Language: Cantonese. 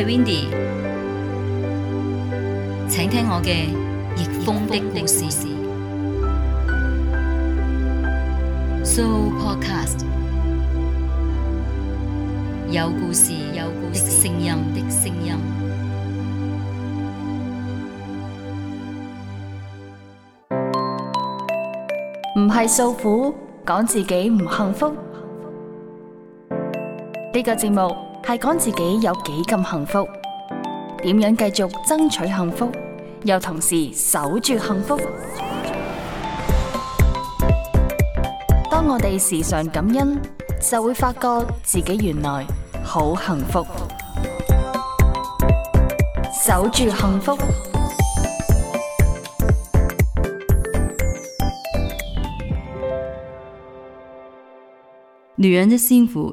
Hi Windy，請聽我嘅逆風的故事。So Podcast 有故事，有故事的聲音的聲音，唔係訴苦，講自己唔幸福。呢個節目。係講自己有幾咁幸福，點樣繼續爭取幸福，又同時守住幸福。當我哋時常感恩，就會發覺自己原來好幸福，守住幸福。女人的幸福。